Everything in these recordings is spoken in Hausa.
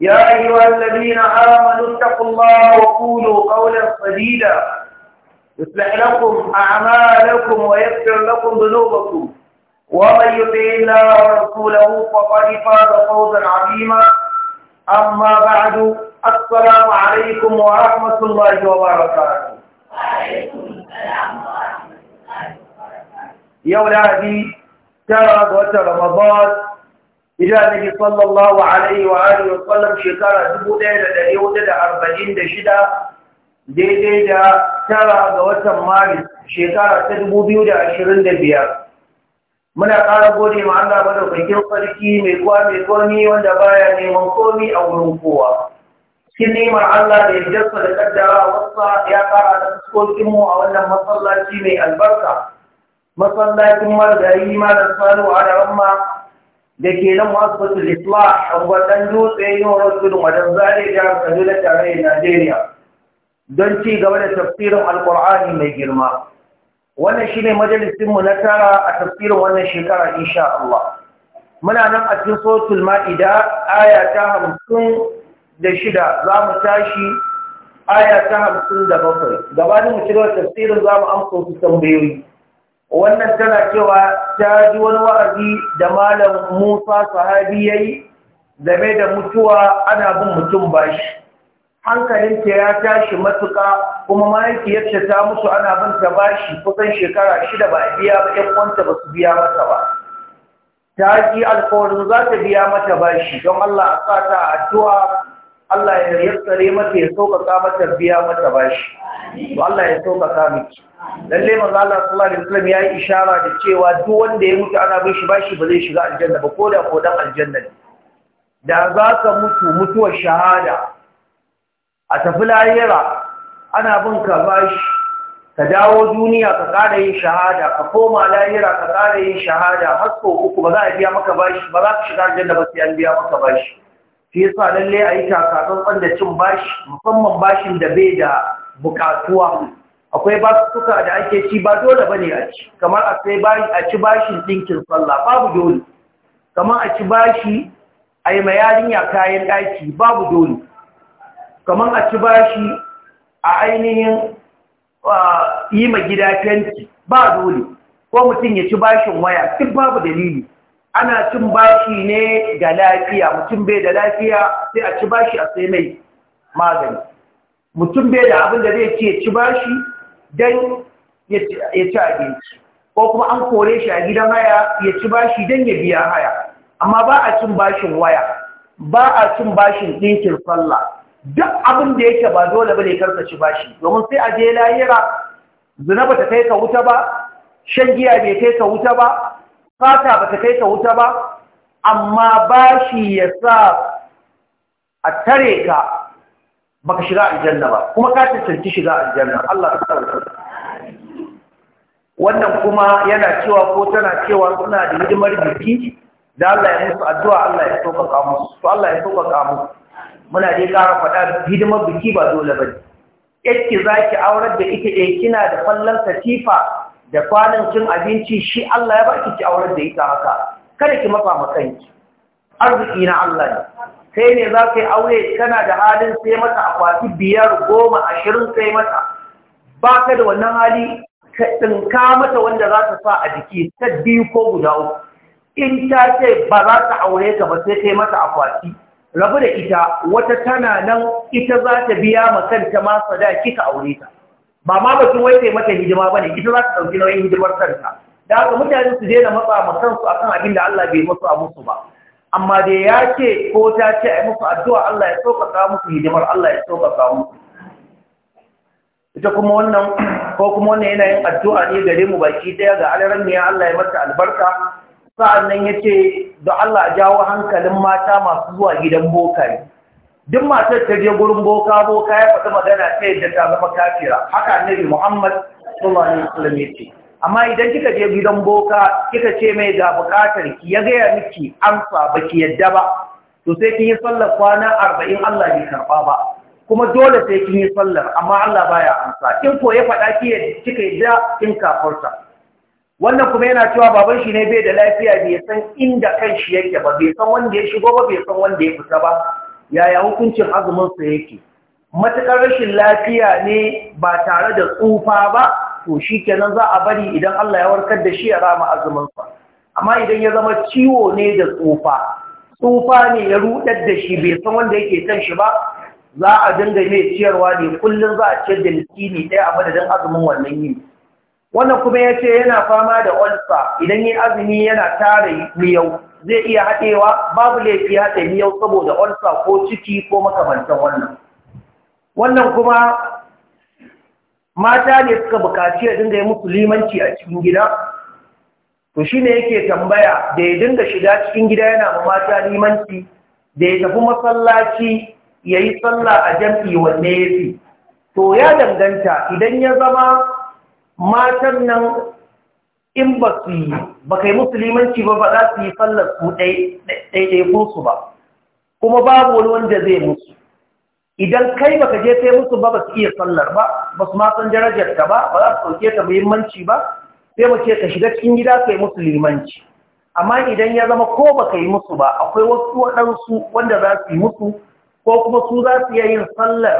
يا أيها الذين آمنوا اتقوا الله وقولوا قولا سديدا يصلح لكم أعمالكم ويغفر لكم ذنوبكم ومن يطع الله ورسوله فقد فاز فوزا عظيما أما بعد السلام عليكم ورحمة الله وبركاته وعليكم السلام ورحمة الله وبركاته يا ولادي ترى وترى رمضان Ija Nabi sallallahu Alaihi wa Alaihi sallam shekara 1446 daidai da tara ga watan Maris shekara ta da biyar. Muna ƙara gode ma Allah madaukakin sarki mai kuwa mai komi wanda baya neman komi a wurin kowa. Kin nemar Allah da ya jasa da a wasa ya ƙara da fuskokinmu a wannan masallaci mai albarka masallacin marigayi malam salu a ramma da ke nan wasu isma a gwadon dutse yi horon tudun wajen zane jihar tare tarayyar najeriya don ci gaba da tafsirin alkur'ani mai girma wannan shi ne majalisinmu na tara a tafsirin wannan shekara insha Allah muna nan a cikin sotul ma'ida aya ta hamsin da shida za mu tashi aya ta hamsin da bakwai gabanin mu cigaba tafsirin za mu amsa wasu tambayoyi wannan tana cewa ta ji wani wa'azi da malam musa sahabi ya yi game da mutuwa ana bin mutum bashi hankalinta ya tashi matuka kuma mahaifiyarta ta mutu ana bin ta bashi kusan shekara shida ba a biya ba ‘yan kwanta ba su biya mata ba ta ji alkawarin za ta biya mata bashi don Allah a sa ta addu'a Allah ya yassare mata ya sauƙaƙa mata biya mata bashi Allah ya sauƙaƙa miki lalle manzo Allah sallallahu alaihi wasallam yayi ishara da cewa duk wanda ya mutu ana bin shi bashi ba zai shiga aljanna ba koda ko dan aljanna ne da za ka mutu mutuwar shahada a tafi lahira ana bin ka bashi ka dawo duniya ka ƙara yin shahada ka koma lahira ka ƙara yin shahada har sau uku ba za a biya maka bashi ba za ka shiga aljanna ba sai an biya maka bashi shi yasa lalle a yi takatsantsan da cin bashi musamman bashin da bai da bukatuwa akwai basuka da ake ci ba dole ba ne a ci kamar a ci bashin ɗinkin sallah babu dole kamar a ci bashi a yi yarinya kayan ɗaki babu dole kamar a ci bashi a ainihin yi ma gida fenti ba dole ko mutum ya ci bashin waya duk babu dalili ana cin bashi ne ga lafiya mutum bai da lafiya sai a ci bashi a sai mai magani mutum bai da abin da zai ce ci bashi Dan ya ci abinci ko kuma an kore shi a gidan haya ya ci bashi Dan ya biya haya amma ba a cin bashin waya ba a cin bashin ɗinkin sallah duk abin da yake ba dole bane karka ci bashi domin sai a je lahira zina bata kai ka wuta ba shan giya bai kai ka wuta ba fata bata kai ka wuta ba amma bashi ya sa a tare ka baka shiga aljanna ba kuma ka tantance shiga aljanna Allah ta tsare wannan kuma yana cewa ko tana cewa suna da hidimar biki da Allah ya musu addu'a Allah ya sauƙaƙa musu to Allah ya sauƙaƙa kamu. muna dai ƙara faɗa hidimar biki ba dole ba yake zaki aurar da ita ɗaya kina da fallan katifa da kwanan cin abinci shi Allah ya baki ki aurar da ita haka kada ki mafa makanki arziki na Allah ne sai ne za ka yi aure kana da halin sai mata akwati biyar goma ashirin sai mata ba ka da wannan hali ka tsinka mata wanda za ta sa a jiki ta biyu ko guda uku in ta ce ba za ta aure ka ba sai kai mata akwati rabu da ita wata tana nan ita za ta biya ma kanta ma sada kika aure ta ba ma ba kin wai sai mata hidima ba ne ita za ta ɗauki nauyin hidimar kanta da haka mutane su daina matsa ma kansu akan abin da Allah bai musu a musu ba amma da ya ce ko ta ce a yi musu addu'a Allah ya sauƙaƙa musu hidimar Allah ya sauƙaƙa musu ita kuma wannan ko kuma wannan yana yin addu'a ne gare mu baki ɗaya ga alaran ya Allah ya mata albarka sa'annan ya ce da Allah a jawo hankalin mata masu zuwa gidan boka duk matar ta je gurin boka boka ya faɗi magana ta yadda ta zama kafira haka annabi Muhammad sallallahu alaihi wasallam ya ce amma idan kika je gidan boka kika ce mai ga bukatar ki ya gaya miki amsa ba ki yadda ba to sai kin yi sallar kwana arba'in Allah bai karba ba kuma dole sai kin yi sallar amma Allah baya amsa in ko ya faɗa ki kika yadda kin kafarta wannan kuma yana cewa baban shi ne bai da lafiya bai san inda kanshi yake ba bai san wanda ya shigo ba bai san wanda ya fita ba yaya hukuncin azumin sa yake matukar rashin lafiya ne ba tare da tsufa ba to shi kenan za a bari idan Allah ya warkar da shi ya rama sa, amma idan ya zama ciwo ne da tsufa tsufa ne ya rudar da shi bai san wanda yake kan shi ba za a dinga mai ciyarwa ne kullum za a ciyar da miskini ɗaya a madadin azumin wannan yin. wannan kuma ya ce yana fama da olsa idan yi azumi yana tara miyau zai iya haɗewa babu laifi haɗe miyau saboda olsa ko ciki ko makamantan wannan wannan kuma mata ne suka bukaci a dinga yi musu limanci a cikin gida to shi ne yake tambaya da ya dinga shiga cikin gida yana ma mata limanci da ya tafi masallaci ya yi sallah a jam'i wanne ya fi to ya danganta idan ya zama matan nan in ba su yi ba kai limanci ba ba za su yi tsallar su ɗaiɗaikunsu ba kuma babu wani wanda zai musu idan kai baka je sai musu ba ba su iya sallar ba ba su ma san darajar ta ba ba za su sauke ta muhimmanci ba sai mu ka shiga cikin gida kai musu limanci amma idan ya zama ko baka yi musu ba akwai wasu waɗansu wanda za su yi musu ko kuma su za su iya yin sallar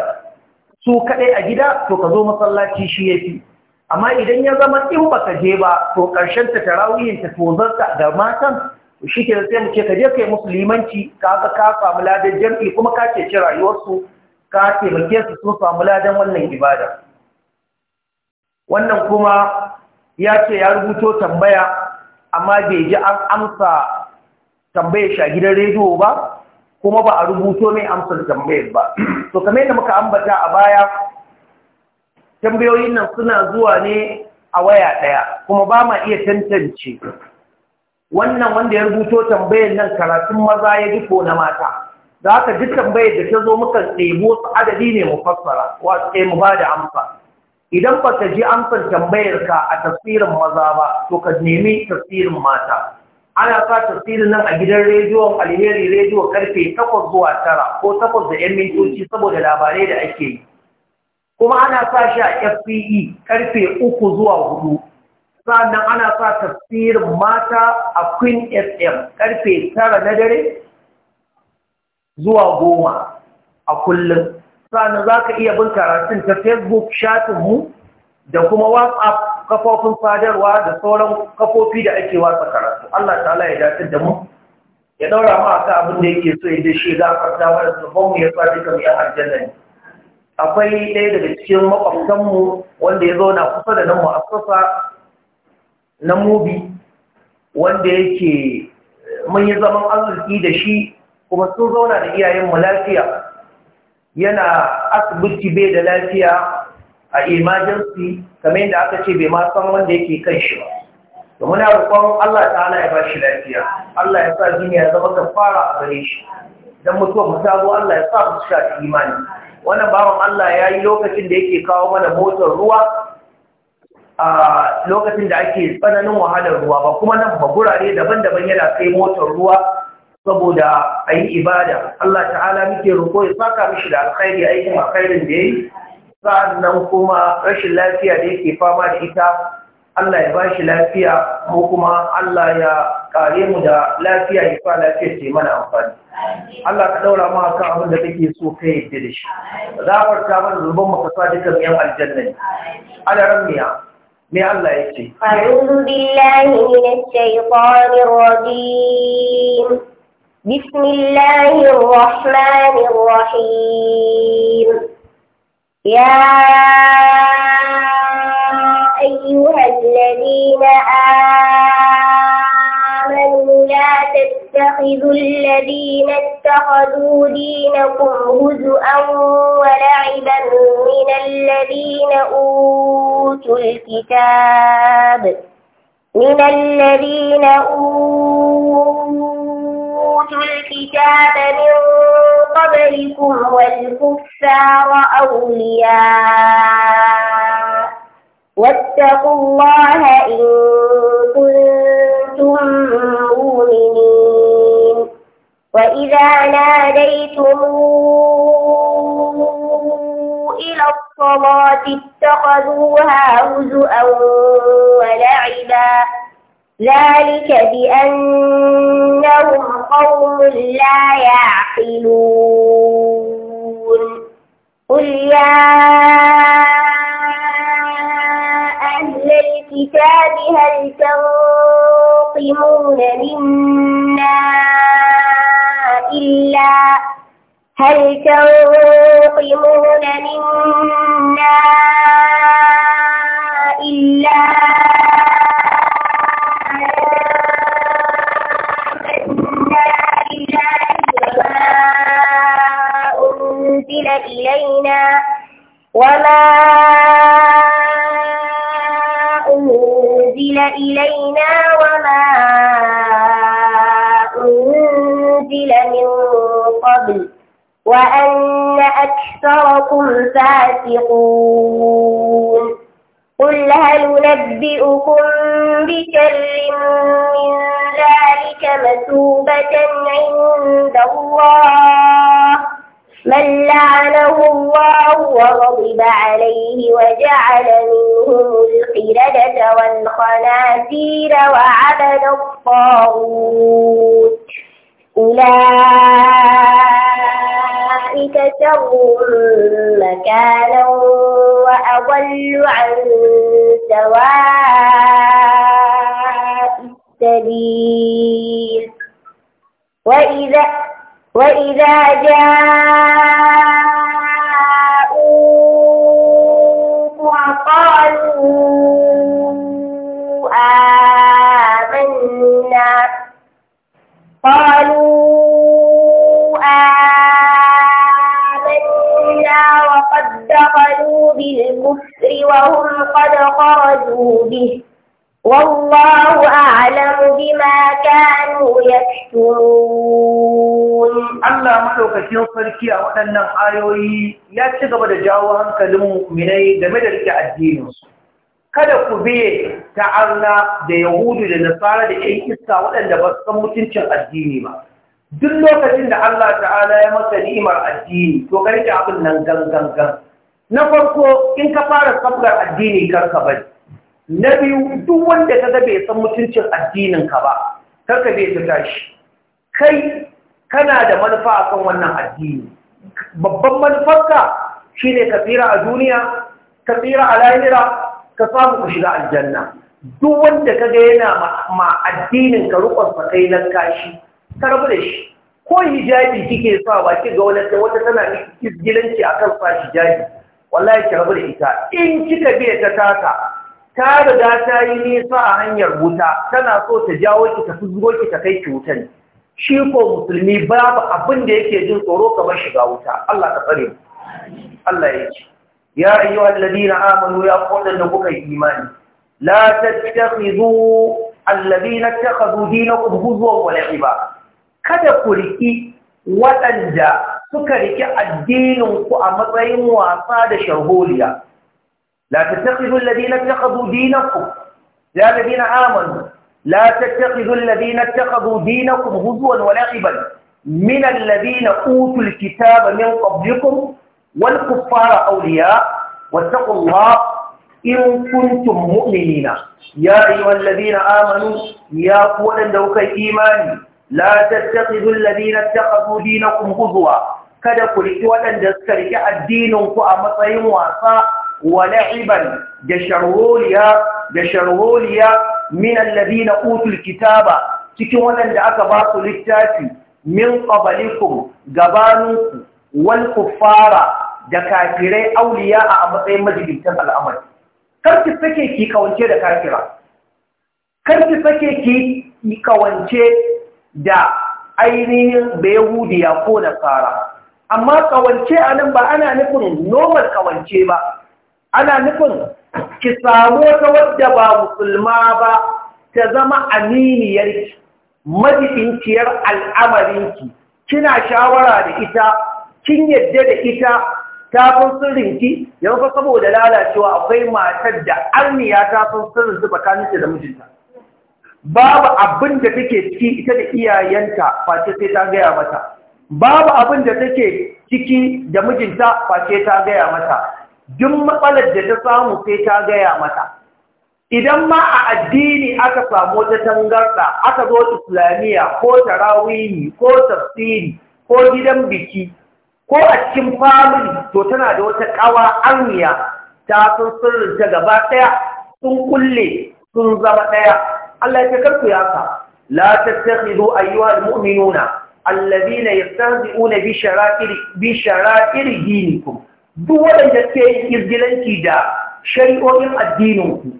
su kaɗai a gida to ka zo masallaci shi ya fi amma idan ya zama in baka je ba to ƙarshen ta tarawihin ta tozarta da matan shi ke sai mu ka je kai musu limanci ka ka samu ladan jam'i kuma ka ci rayuwarsu ka taimake su sun samu ladan wannan ibada wannan kuma ya ce ya rubuto tambaya amma bai ji an amsa tambayar shagidan gidan rediyo ba kuma ba a rubuto mai amsar tambayar ba to kamar yadda muka ambata a baya tambayoyin nan suna zuwa ne a waya ɗaya kuma ba ma iya tantance wannan wanda ya rubuto tambayar nan karatun maza ya ji ko na mata da ka duk tambayar da ta zo muka ɗebo su adadi ne mu fassara wa sai mu ba da amsa idan ba ka ji amsar tambayar ka a tasirin maza ba to ka nemi tasirin mata ana sa tafsirin nan a gidan rediyon alheri rediyo karfe takwas zuwa tara ko takwas da 'yan mintoci saboda labarai da ake yi kuma ana sa shi a fpe karfe uku zuwa hudu sannan ana sa tasirin mata a queen fm karfe tara na dare zuwa goma a kullum Sani za ka iya bin karatun ta facebook mu da kuma whatsapp kafofin sadarwa da sauran kafofi da ake watsa karatu allah ta'ala ya dace da mu ya daura ma aka abin da yake so ya da shi za a karta wa da mu ya sa duka mu yan aljanna ne akwai ɗaya daga cikin makwabtanmu wanda ya zauna kusa da nan mu'assasa na mubi wanda yake mun yi zaman arziki da shi kuma sun zauna da iyayenmu lafiya yana asibiti bai da lafiya a emergency kamar yadda aka ce bai ma san wanda yake kan shi ba da muna roƙon Allah ta'ala ya bashi lafiya Allah ya sa duniya ya zama kafara a gare shi dan mutuwa mu ta Allah ya sa mu sha imani wannan bawan Allah ya yi lokacin da yake kawo mana motar ruwa a lokacin da ake tsananin wahalar ruwa ba kuma nan ba gurare daban-daban yana kai motar ruwa saboda a yi ibada Allah ta'ala muke roƙo ya saka mishi da alkhairi aikin alkhairin da ya yi sa'annan kuma rashin lafiya da yake fama da ita Allah ya bashi lafiya mu kuma Allah ya kare mu da lafiya ya fa lafiya ce mana amfani Allah ka daura mu akan abin da kake so kai yadda da shi zabar ta mana zuban mu kasa dukan yan aljanna ne ala me Allah ya ce a'udhu billahi minash shaitanir rajim بسم الله الرحمن الرحيم يا أيها الذين آمنوا لا تتخذوا الذين اتخذوا دينكم هزؤا ولعبا من الذين أوتوا الكتاب من الذين أوتوا أوتوا الكتاب من قبلكم والكفار أولياء واتقوا الله إن كنتم مؤمنين وإذا ناديتم إلى الصلاة اتخذوها هزؤا ولعبا ذلك بأنهم قوم لا يعقلون قل يا أهل الكتاب هل تنقمون منا إلا هل تنقمون منا وما أنزل إلينا وما أنزل من قبل وأن أكثركم فاسقون قل هل ننبئكم بشر من ذلك مثوبة عند الله من لعنه الله وغضب عليه وجعل منهم القردة والخنازير وعبد الطاغوت أولئك شر مكانا وأضل عن سواء السبيل وإذا وإذا جاءوا وقالوا آمنا قالوا آمنا وقد دخلوا بالكفر وهم قد خرجوا به والله أعلم بما كانوا يكتمون الله ملوكتين صركي أولاً آيوي يتغب دجاوهم كالمؤمنين دمدرك الدين kada ku biye ta'arna da yahudu da nasara da ƴan iska waɗanda ba san mutuncin addini ba duk lokacin da Allah ta'ala ya masa ni'imar addini to ka rike abin nan gangan na farko in ka fara sabgar addini karka bari na biyu duk wanda ka ga bai san mutuncin addinin ka ba karka bai ta tashi kai kana da manufa a kan wannan addini babban manufarka shine ka tsira a duniya ka tsira a lahira ka samu ku shiga aljanna duk wanda ka ga yana ma addinin ka rukon sa kai nan kashi ka rabu da shi ko hijabi kike sa sawa ki ga wani sai wata tana izgilanci akan sa hijabi wallahi ki rabu da ita in kika biya ta taka ta riga ta yi nisa a hanyar wuta tana so ta jawo ki ta zuwo ki ta kai ki wutan shi ko musulmi babu abin da yake jin tsoro kamar shiga wuta Allah tsare Allah ya ce ya ayyuhal ladina amanu ya qawlan kuka yi imani la tattakhidhu alladina takhadhu dinakum huzwan wa la'iba kada ku riki waɗanda suka riki addinin ku a matsayin wasa da sharholiya لا تتخذوا الذين اتخذوا دينكم يا الذين آمنوا لا تتخذوا الذين اتخذوا دينكم هزوا ولعبا من الذين أوتوا الكتاب من قبلكم والكفار أولياء واتقوا الله إن كنتم مؤمنين يا أيها الذين آمنوا يا قولا لوك إيماني لا تتخذوا الذين اتخذوا دينكم هزوا kada ku riƙi waɗanda suka riƙi addininku a matsayin wasa ولعبا جشروليا جشروليا من الذين أوتوا الكتاب ba su littafi, min من قبلكم قبانكم والكفار da kafirai auliya a matsayin majalisan al'amari karki sake ki kawance da kafira karki sake ki kawance da ainihin bayahudiya ko nasara amma kawance a nan ba ana nufin normal kawance ba ana nufin ki samu wata wadda ba musulma ba ta zama aminiyarki majikinciyar al'amarinki kina shawara da ita kin yadda da ita ta san sirrinki yau fa saboda lalacewa akwai matar da arniya ta san sirrin zuba kaninta da mijinta babu abin da take ciki ita da iyayenta face sai ta gaya mata babu abin da take ciki da mijinta face ta gaya mata duk matsalar da ta samu sai ta gaya mata idan ma a addini aka samu ta tangarɗa, aka zo islamiyya ko tarawihi ko tafsiri ko gidan biki ko a cikin famili to tana da wata kawa arniya ta sun sirrin ta gaba ɗaya, sun kulle sun zama ɗaya. Allah ya karku ya sa la a ayyuhal mu'minuna alladhina yastahzi'una bi shara'ir bi shara'ir dinikum duk waɗanda ke yin izgilanci da shari'o'in addininku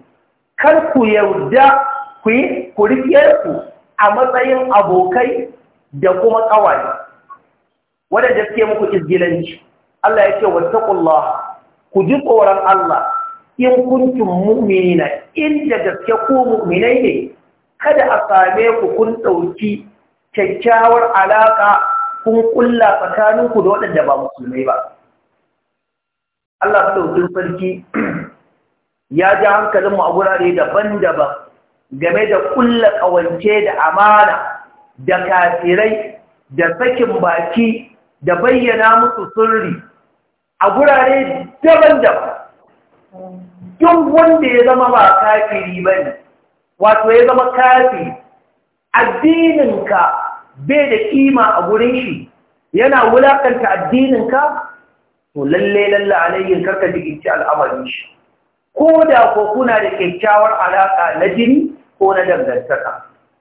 kan ku yarda ku yi ku a matsayin abokai da kuma ƙawaye waɗanda ke muku izgilanci Allah ya ce wattaqullah ku ji tsoron Allah in kuntum mu'minina inda da gaske ku mu'minai ne kada a same ku kun ɗauki kyakkyawar alaƙa kun ƙulla tsakaninku da waɗanda ba musulmai ba Allah sautin sarki ya ji hankalinmu a wurare daban-daban game da ƙulla ƙawance da amana da kafirai da sakin baki da bayyana musu sirri a gurare daban-daban duk wanda ya zama ba kafiri ba ne wato ya zama kafi addininka bai da ƙima a gurin shi yana wulakanta addininka to lalle lalle alayhin karka ci al'amarin shi ko da ko kuna da kyakkyawar alaƙa na jini ko na dangantaka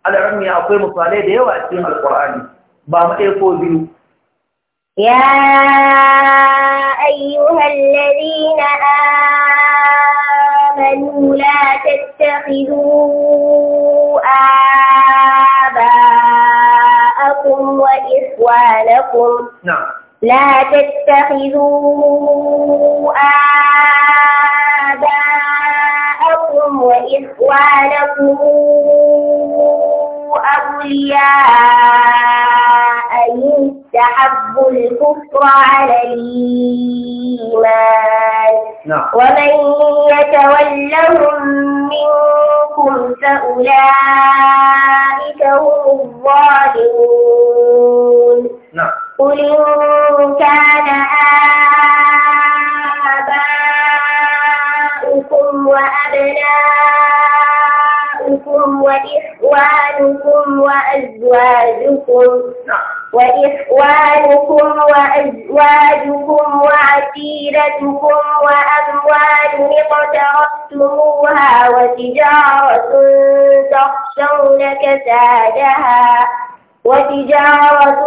alarami akwai misalai da yawa a cikin alƙur'ani ba mu ɗaya ko biyu يا أيها الذين آمنوا لا تتخذوا آباءكم وإخوانكم نعم لا تتخذوا آباءكم وإخوانكم أولياء إن استحبوا الكفر على الإيمان نعم. ومن يتولهم منكم فأولئك هم الظالمون نعم قل إن كان آباؤكم وأبناؤكم وإخوانكم وأزواجكم وإخوانكم وأزواجكم وعشيرتكم وأموال اقترفتموها وتجارة تخشون كسادها وتجارة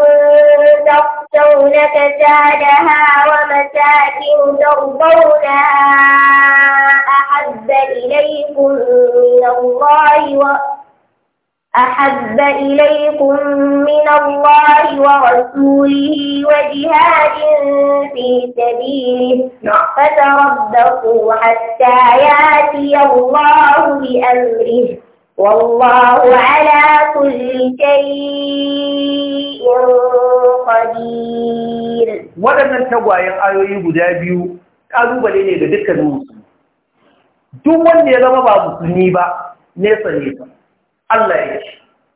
تخشون كسادها ومساكن ترضونها أحب إليكم من الله و أحب إليكم من الله ورسوله وجهاد في سبيله نعم. فتربصوا حتى يأتي الله بأمره والله على كل شيء قدير waɗannan tagwayen ayoyi guda biyu ƙalubale ne ga dukkanin musulmi duk wanda ya zama ba musulmi ba nesa nesa Allah ya ce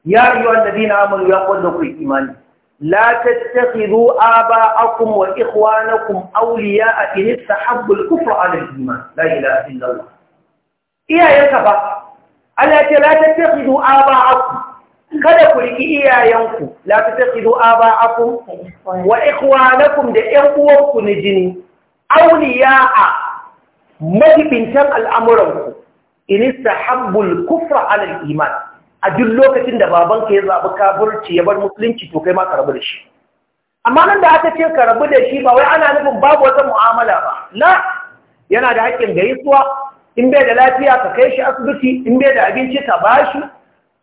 ya yi wanda dina amalu ya kwanda ku imani la tattakhidhu aba'akum wa ikhwanakum awliya'a in istahabbu al-kufra 'ala al-iman la ilaha illa Allah iyayenka ba Allah ce la aba aku kada ku riki iyayenku la aba aku wa ikhwanakum da ƴan uwanku na jini awliya'a majibintan al'amuranku in istahabbul kufra 'ala al-iman a duk lokacin da babanka ya zaɓi kafirci ya bar musulunci to kai ma ka rabu da shi amma nan da aka ce ka rabu da shi ba wai ana nufin babu wata mu'amala ba la yana da haƙƙin gaisuwa in bai da lafiya ka kai shi asibiti in bai da abinci ka ba shi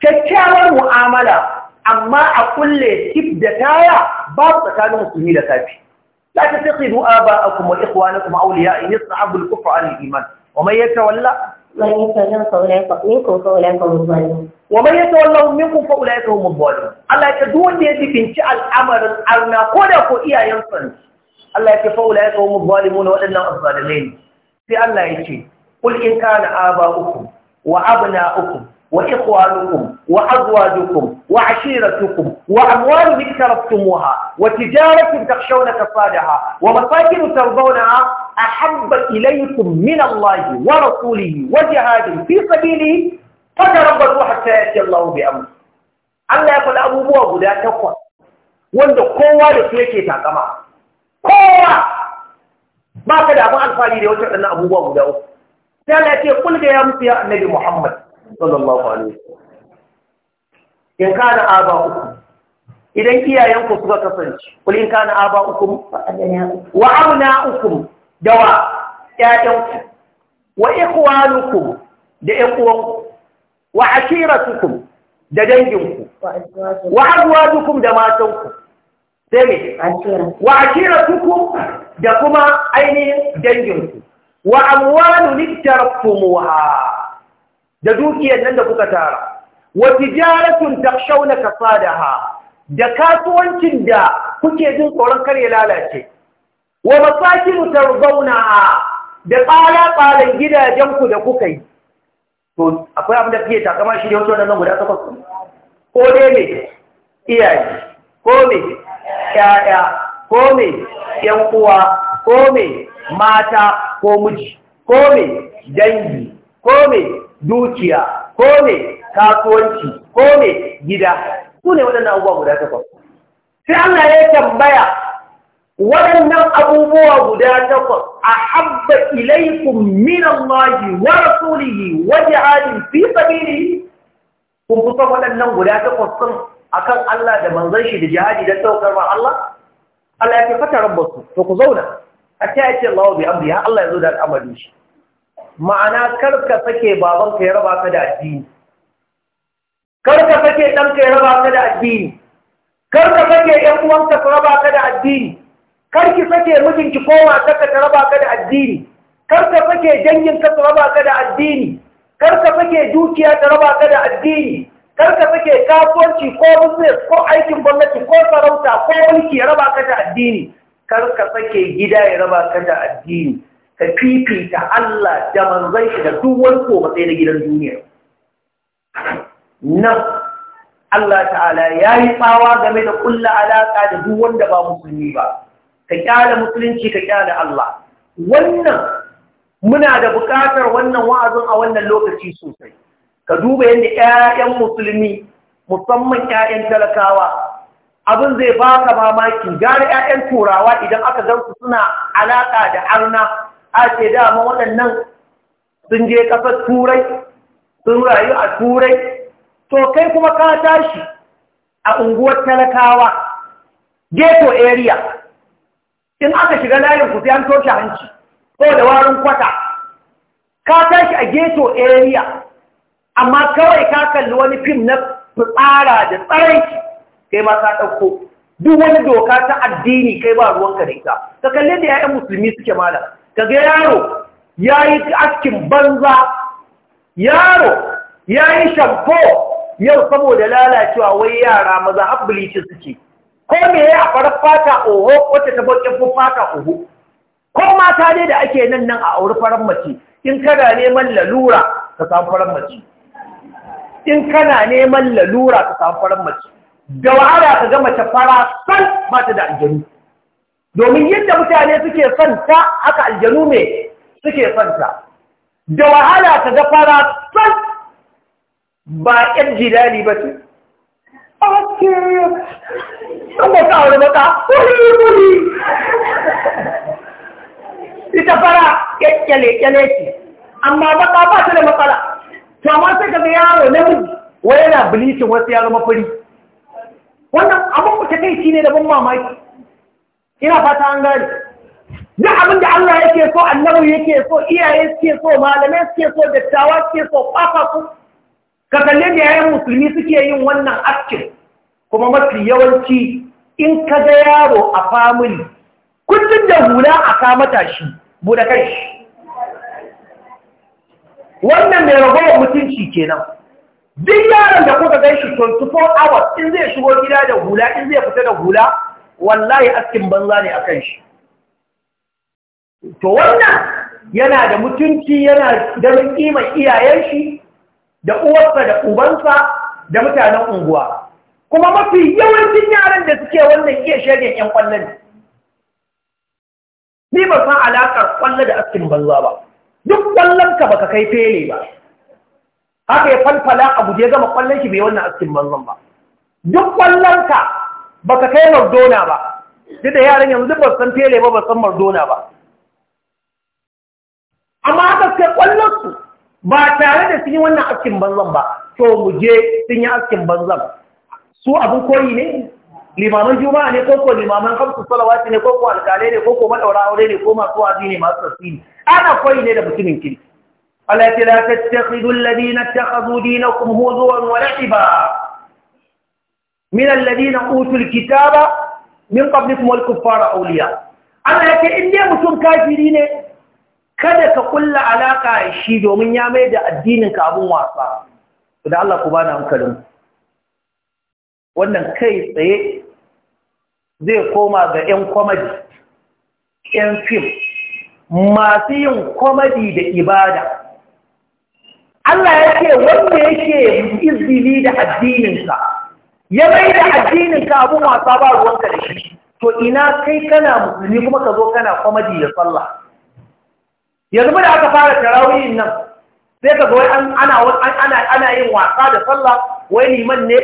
kyakkyawar mu'amala amma a kulle tip da taya babu tsakanin musulmi da kafi la tattakhidu aba'akum wa ikhwanakum awliya in yas'abu al-kufra 'ala al-iman wa man yatawalla man yatawalla fa minkum fa ulaika hum adh-dhalimun wa man yatawalla minkum fa ulaika hum adh-dhalimun Allah ya duk wanda ya binci al'amarin arna ko da ko iyayen sa Allah ya fa ulaika hum adh-dhalimun wa wadannan adh sai Allah ya ce قل إن كان آباؤكم وأبناؤكم وإخوانكم وأزواجكم وعشيرتكم وأموال اقترفتموها وتجارة تخشون كصادها ومساكن ترضونها أحب إليكم من الله ورسوله وجهاد في سبيله فتربصوا حتى يأتي الله بأمره Allah ya faɗi abubuwa guda takwas wanda kowa da su yake takama kowa ba ka da abin alfahari da wata ɗannan abubuwa guda uku sai Allah ya ce kul ya mutu ya annabi Muhammad sallallahu alaihi wasallam in kana aba uku idan iyayen ku suka kasance kul in kana aba uku wa auna uku da wa ƴaƴan ku wa ikhwanukum da ƴan ku wa ashiratukum da danginku wa azwajukum da matanku sai me wa ashiratukum da kuma ainihin danginku wa amwalun iktaraftumuha da dukiyar nan da kuka tara wa tijaratun takshawna kasadaha da kasuwancin da kuke jin tsoron kar ya lalace wa masakin tarzawnaha da tsala-tsalan gidajenku da kuka yi to akwai abin da ta takama shi ne wato nan guda takwas ko dai ne iyaye ko me ƴaƴa ko me ƴan uwa ko me mata ko miji ko me dangi ko me dukiya ko me kasuwanci ko me gida su ne waɗannan abubuwa guda takwas sai Allah ya tambaya waɗannan abubuwa guda takwas a habba ilaikum min Allah wa rasulihi wa jihadin fi sabilihi kun fi waɗannan guda takwas sun akan Allah da manzon shi da jihadi da saukarwa Allah Allah ya ce fata rabbasu to ku zauna a ta yace Allah bi amri Allah ya zo da al'amarin shi ma'ana kar ka sake baban ka ya raba ka da addini kar ka sake dan ka ya raba ka da addini kar ka sake ƴan uwanka ka raba ka da addini kar ki sake mijinki ko ka raba ka da addini karka ka sake dangin ka raba ka da addini karka ka sake dukiya ka raba ka da addini karka ka sake kasuwanci ko business ko aikin gwamnati ko sarauta ko mulki ya raba ka da addini kar ka sake gida ya raba ka da addini ka fifita Allah da manzon shi da duk wani ko matsayi na gidan duniya nan Allah ta'ala ya yi tsawa game da kulla alaƙa da duk wanda ba musulmi ba ka kyala musulunci ka kyala Allah wannan muna da buƙatar wannan wa'azin a wannan lokaci sosai ka duba yadda 'ya'yan musulmi musamman 'ya'yan talakawa abin zai baka mamaki gari 'ya'yan turawa idan aka zanku suna alaƙa da arna a ce dama waɗannan sun je ƙasar turai sun rayu a turai to kai kuma ka tashi a unguwar talakawa ghetto area in aka shiga layin ku sai an toshe hanci ko da warin kwata ka tashi a ghetto area amma kawai ka kalli wani fim na fitsara da tsaraiki kai ma ka ɗauko duk wani doka ta addini kai ba ruwanka da ita ka kalli da 'ya'yan musulmi suke mala ka ga yaro ya yi askin banza yaro ya yi shamfo yau saboda lalacewa wai yara maza habbulici suke ko me a fara fata oho wacce ta bakin fata oho ko mata ne da ake nan nan a auri farar mace in kana neman lalura ka samu farar mace in kana neman lalura ka samu farar mace da wahala ka gama ta fara san ba ta da aljanu domin yadda mutane suke son ta haka aljanu ne suke son ta da wahala ka ga fara san ba ƴan jilali ba ce ba ita fara kyakkyale-kyale ce amma maka ba ta da matsala to amma sai ka ga yaro namiji wa yana bilicin wasu ya zama fari wannan abin ku shi ne da ban mamaki ina fata an gane duk abin da Allah yake so annabi yake so iyaye suke so malamai suke so dattawa suke so fafa ku ka kalle da yayan musulmi suke yin wannan askin kuma mafi yawanci in ka ga yaro a famili kullum da hula a kamata shi buɗe kai shi wannan mai ragowar mutunci kenan duk yaran da kuka gaishe 24 hours in zai shigo gida da hula in zai fita da hula wallahi askin banza ne akan shi to wannan yana da mutunci yana da kimar iyayen shi da uwarsa da ubansa da mutanen unguwa kuma mafi yawancin yaran da suke wannan iya shagen yan kwallo ne ni ba san alakar kwallo da askin banza ba duk kwallon ka baka kai fele ba haka ya falfala a guje gama kwallon shi bai wannan askin manzon ba duk ba baka kai Mardona ba duk da yaran yanzu ba san fere ba ba san Mardona ba amma haka sai kwallon su ba tare da sun yi wannan askin banzan ba to mu je sun yi askin banzan su abin koyi ne limaman juma'a ne ko ko limaman hamsu salawati ne ko ko alkalai ne ko ko madaura aure ne ko masu wazi ne masu tasiri ana koyi ne da mutumin kirki Allah ya ce la tattakhidul ladina ittakhadhu dinakum huzuwan wa la'iba min alladina utul kitaba min qablikum wal kuffara awliya Allah ya in dai mutum kafiri ne kada ka ƙulla alaka shi domin ya mai da addinin ka abun wasa da Allah ku bani hankalin wannan kai tsaye zai koma ga 'yan kwamadi 'yan fim masu yin kwamadi da ibada Allah ya ce wanda yake izini da addininsa ya mai da addininka abin wasa ba ruwanka da shi to ina kai kana musulmi kuma ka zo kana kwamadi da sallah yanzu da aka fara tarawihin nan sai ka zo ana yin wasa da sallah wai liman ne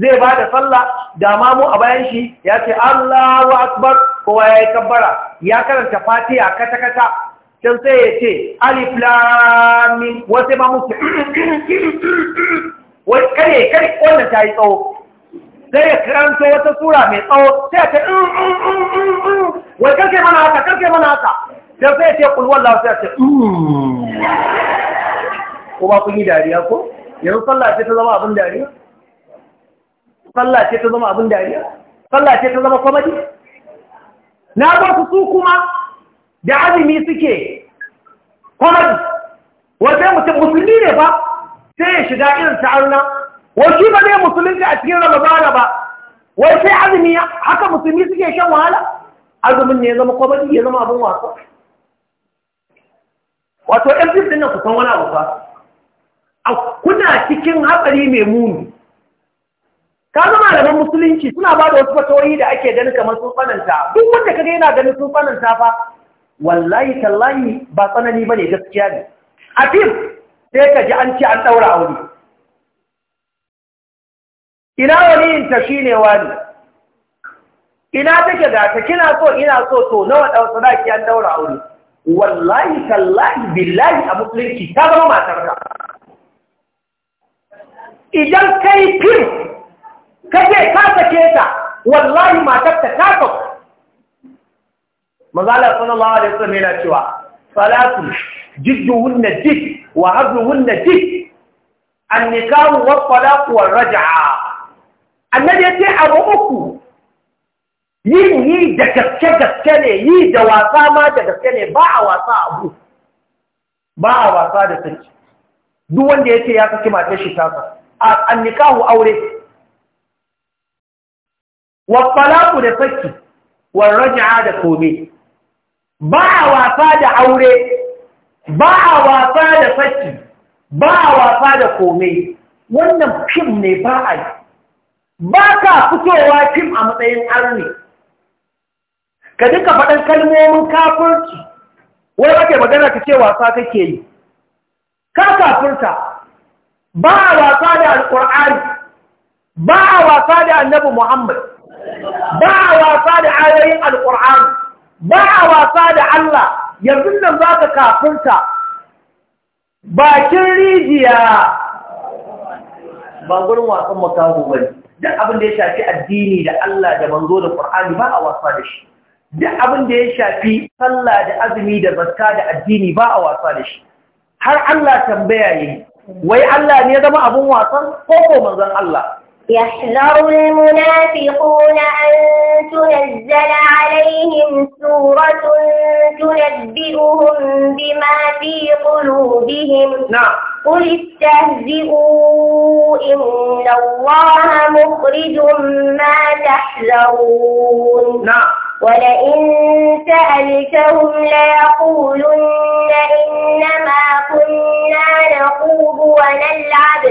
zai ba da sallah da mamu a bayan shi ya ce Allahu akbar kowa ya yi kabbara ya karanta fatiha kata kata can sai ya ce alif lamin wasu ma musu wai kare kare wannan ta yi tsawo sai ya karanto wata sura mai tsawo sai ya ce mm, mm, mm, wai karke mana haka karke mana haka can sai ya ce kulwallah sai ya ce ko ba kun yi dariya ko yanzu sallah ta zama abin dariya sallah ta zama abin dariya sallah ta zama kwamadi na ba ku su kuma da azumi suke Kuma wanda mutum musulmi ne ba sai ya shiga irin ta'arna wasu ba zai musulunci a cikin ramadana ba wai sai azumi haka musulmi suke shan wahala azumin ne ya zama kwamadi ya zama abin wasa wato yan fim ɗin kusan wani abu ba a kuna cikin hatsari mai muni ka zama da musulunci suna ba da wasu fatoyi da ake ganin kamar sun tsananta duk wanda ka yana ganin sun tsananta fa wallahi tallahi ba tsanani ba ne gaskiya ne a fim sai ka ji an ce an ɗaura aure ina waliyinta shi ne wani ina take ta kina so ina so to nawa ɗausa da ki an ɗaura aure wallahi tallahi billahi a musulunci ta zama matarka idan kai fim kake ka sake ta wallahi matarka ta kafa mazala sallallahu da wasallam yana cewa salatu jidduhunna jid wa hadduhunna jid an-nikahu wa talaqu wa raja annabi yace abu uku yin yi da gaske gaske ne yi da wasa ma da gaske ne ba a wasa abu ba a wasa da sarki duk wanda ce ya saki matar shi tasa an-nikahu aure Wa falaku da saki war-raj'a da komai ba a wasa da aure ba a wasa da saki ba a wasa da komai wannan fim ne ba a yi ba ka fitowa fim a matsayin arni ka duka faɗin kalmomin kafirci wai wake magana ka ce wasa kake yi ka kafurta ba a wasa da alƙur'ani ba a wasa da annabi muhammad ba a wasa da ayoyin alƙur'ani ba a wasa da Allah yanzu nan za ka kafinta bakin rijiya ba gudun wasan makaho ba duk abin da ya shafi addini da Allah da manzo da ƙar'ani ba a wasa da shi duk abin da ya shafi sallah da azumi da zakka da addini ba a wasa da shi har Allah tambaya yi wai Allah ne ya zama abin wasan ko ko manzon Allah يحذر المنافقون أن تنزل عليهم سورة تنبئهم بما في قلوبهم نعم قل استهزئوا إن الله مخرج ما تحذرون نعم ولئن سألتهم ليقولن إنما كنا نخوض ونلعب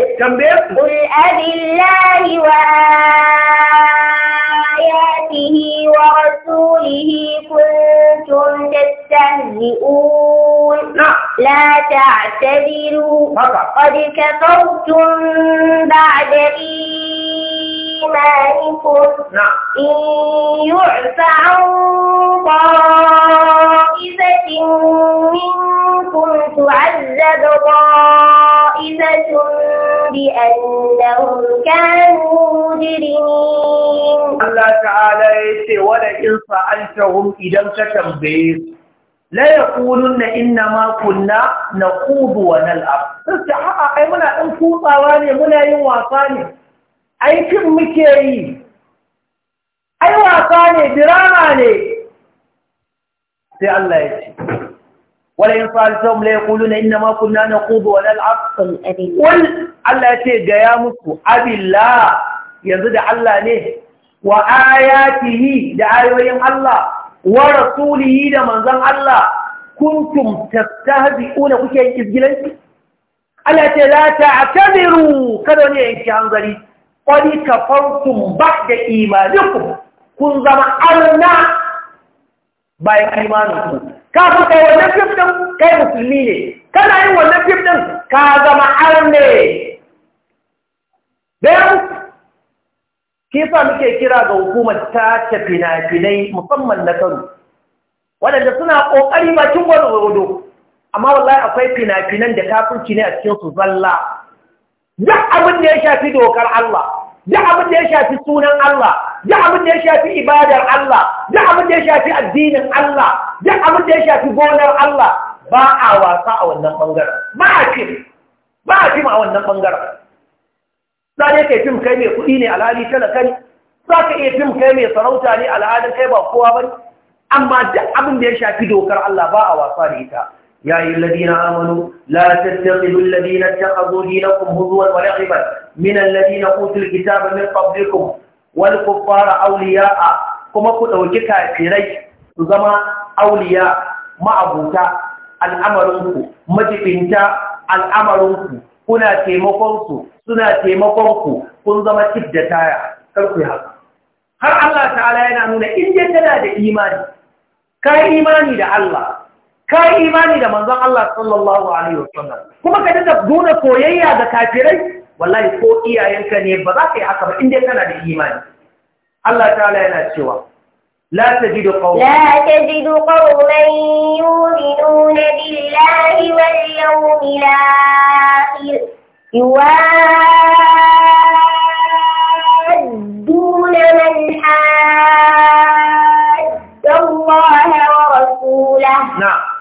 قل أبالله الله وآياته ورسوله كنتم تستهزئون نعم. لا تعتذروا قد كفرتم بعد إيمان إيمانكم نعم إن يعفى عن طائفة منكم تعذب طائفة بأنهم كانوا مجرمين الله تعالى يقول ولئن سألتهم إذا تتنبيه la ya kunun na inna ma kunna na kudu wa nal'ab. Sassi, a'a, aikin muke yi ai wasa ne birama ne sai Allah ya ce wala in sa'altum kulu na inna ma kunna kubo wa lal’afin Wani Allah ya ce ga ya muku abillah yanzu da Allah ne wa ayatihi da ayoyin Allah wa rasulihi da manzan Allah kuntum ƙuna kuke yin izgilanci Allah ya ce la ta'tadiru kada ne yanki hanzari ƙwari kafartun ba da imaninku kun zama arna bayan imaninku kafin kai wannan fifdin kai musulmi ne kana yin wannan fifdin ka zama arne bayan kifa muke kira ga hukumar ta ce fina-finai musamman na kano waɗanda suna ƙoƙari bakin wani rodo amma wallahi akwai fina-finan da kafirci ne a cikin su zalla duk abin da ya shafi dokar Allah duk abin da ya shafi sunan Allah duk abin da ya shafi ibadar Allah duk abin da ya shafi addinin Allah duk abin da ya shafi gonar Allah ba a wasa a wannan bangaren ba a fim ba a fim a wannan bangaren za ne kai fim kai mai kuɗi ne alhali talaka kai? za ka iya fim kai mai sarauta ne alhalin kai ba kowa ba ne amma duk abin da ya shafi dokar Allah ba a wasa da ita يا أيها الذين آمنوا لا تتخذوا الذين اتخذوا دينكم هزوا ولعبا من الذين أوتوا الكتاب من قبلكم والكفار أولياء كما كنت أوجك كافري زما أولياء ما أبوتا al'amarinku majibinta al'amarinku kuna suna taimakon ku zama cif da taya karku haka har Allah ta'ala yana nuna inda tana da imani ka imani da Allah ka yi imani da manzon Allah sallallahu alaihi wasallam kuma ka dinga nuna soyayya ga kafirai wallahi ko iyayenka ne ba za ka yi haka ba inda kana da imani Allah ta'ala yana cewa لا تجد قوما لا تجد قوما يؤمنون بالله واليوم الآخر يوادون من حاد الله ورسوله نعم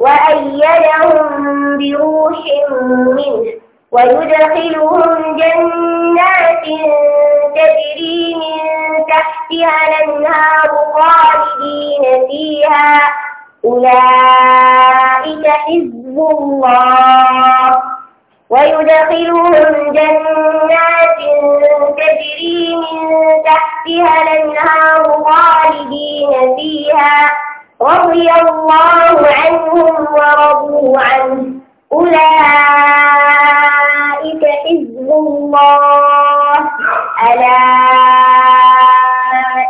وأيدهم بروح منه ويدخلهم جنات تجري من تحتها الأنهار خالدين فيها أولئك حزب الله ويدخلهم جنات تجري من تحتها الأنهار خالدين فيها رضي الله عنهم ورضوا عنه أولئك حزب الله ألا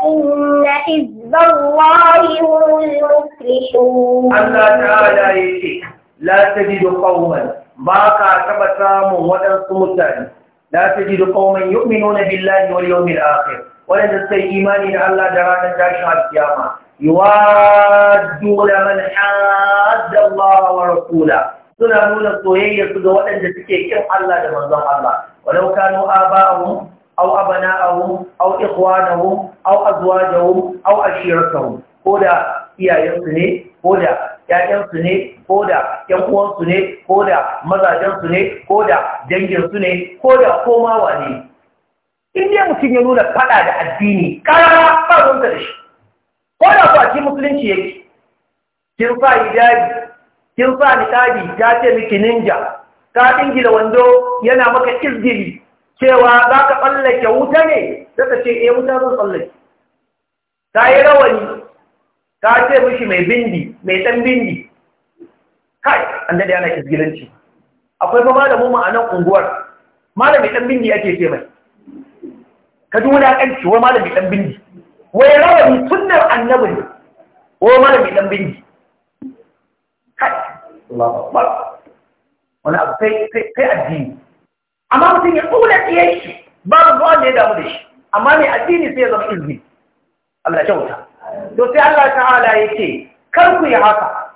إن حزب الله هم المفلحون الله تعالى لا تجد قوما باقى تبتام وتنصمتان لا تجد قوما يؤمنون بالله واليوم الآخر ولا تستي إيماني الله جرانا تاشها القيامة yuwadduna man hadda Allah wa rasula suna nuna soyayya su ga waɗanda suke kin Allah da manzon Allah walau kanu aba'ahum aw abana'ahum aw ikhwanahum aw azwajahum aw ashiratahum ko da iyayensu ne ko da ‘ya'yansu ne, ko da su ne, ko da su ne, ko da danginsu ne, ko da koma wane. Indiya mutum ya nuna fada da addini, kara ba ruwanta da shi. ko da ku a cikin musulunci yake kin sa hijabi kin sa niqabi ta ce miki ninja ka dingila wando yana maka izgili cewa za ka tsallake wuta ne sai ka ce eh wuta zan tsallake ta yi rawani Ka ce mishi mai bindi mai ɗan bindi kai an daɗe ana izgilanci akwai ba malamu ma a nan unguwar Malamin ɗan bindi ake ce mai ka ji wulaƙanci wa malami ɗan bindi wai rawani sunnar annabi ne ko malami dan binji wani abu sai addini amma mutum ya tsula tsaye shi Ba zuwa da ya damu da shi amma mai addini sai ya zama izini Allah kyauta to sai Allah ta'ala ya ce kar ku yi haka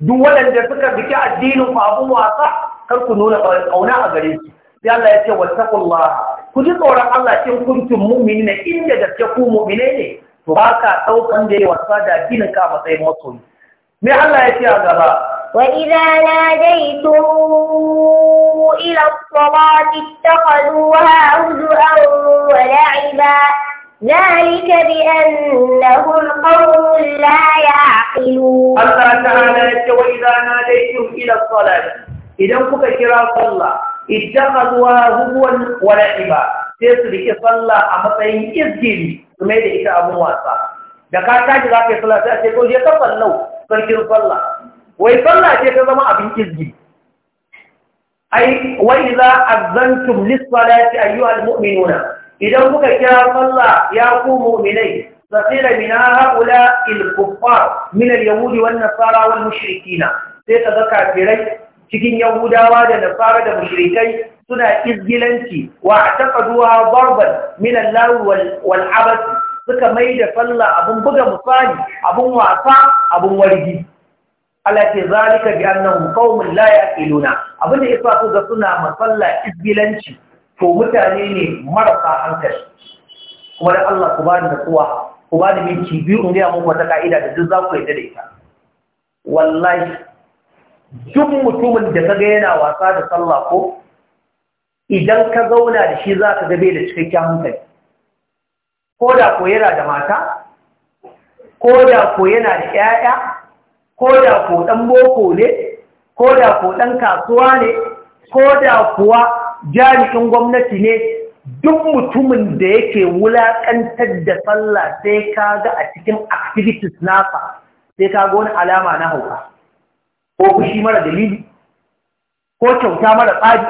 duk waɗanda suka biki addinin ku abun wasa kar ku nuna ƙauna a gare shi. sai Allah ya ce wattaqullah ku ji tsoron Allah in kuntum mu'minina inda gaske ku mu'mine ne to ba ka daukan da yawa sada gina ka matsayin masoyi me Allah ya ce a gaba وإذا ناديتم إلى الصلاة اتخذوها هزؤا ولعبا ذلك بأنهم قوم لا يعقلون الله تعالى وإذا ناديتم إلى الصلاة إذا كنت كرا صلى ittakhadwa huwan wa la'iba sai su rike sallah a matsayin izgiri su mai da ita abin wasa da ka kaji za ka yi sallah sai a ce ko je ka fallau sarkin sallah wai sallah ce ta zama abin izgiri ai wa idza azantum lis-salati al mu'minuna idan kuka kira sallah ya ku mu'minai al-kuffar min al-yahudi wan-nasara wal mushrikina, sai ka ga kafirai cikin yahudawa da nasara da mushrikai suna izgilanci wa taqaduha darban min Allah wal abath suka mai da sallah abun buga musali abun wasa abun wargi Allah ce zalika bi annahum qaumun la yaqiluna da yasa su ga suna masalla izgilanci to mutane ne marasa hankali kuma da Allah ku bani da kuwa ku bani minti biyu in amma mun wata kaida da duk za ku da ita wallahi duk mutumin da kaga yana wasa da sallah ko idan ka zauna da shi za ka gabe da cikakken hankali ko da ko yana da mata ko da ko yana da 'ya'ya, ko da ko ɗan boko ne ko da ko ɗan kasuwa ne ko da kuwa jami'in gwamnati ne duk mutumin da yake wulaƙantar da sallah sai kaga a cikin activities nasa sai kaga wani alama na hauka ko fushi mara dalili ko kyauta mara tsari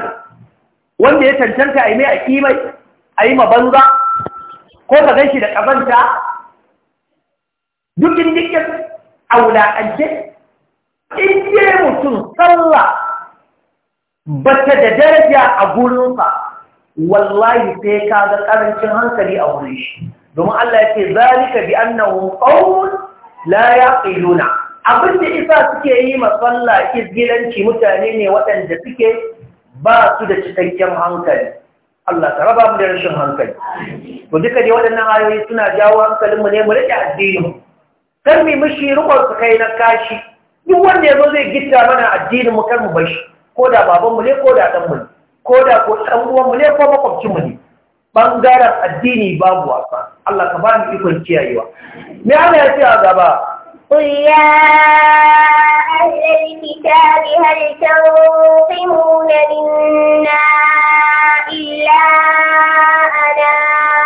wanda ya cancanta a yi mai a kimai a yi banza, ko ka gan shi da ƙabanta, duk indikin a wulaƙance inda mutum tsalla ba ta da daraja a gurinsa wallahi sai ka ga ƙarancin hankali a wurin shi domin Allah ya ce zalika bi annahum qaumun la yaqiluna abin da isa suke yi masalla izgilanci mutane ne waɗanda suke ba su da cikakken hankali Allah ta raba mu da rashin hankali to duka dai waɗannan ayoyi suna jawo hankalinmu ne mu rike addini kar mu mishi rukun su kai na kashi duk wanda yazo zai gitta mana addinin mu kar mu bashi ko da babanmu ne ko da ɗanmu ne ko da ko ɗan mu ne ko makwabcinmu ne bangaren addini babu wasa Allah ka ba mu ikon kiyayewa me Allah ya ce a gaba قل يا أهل الكتاب هل تنقمون منا إلا أنا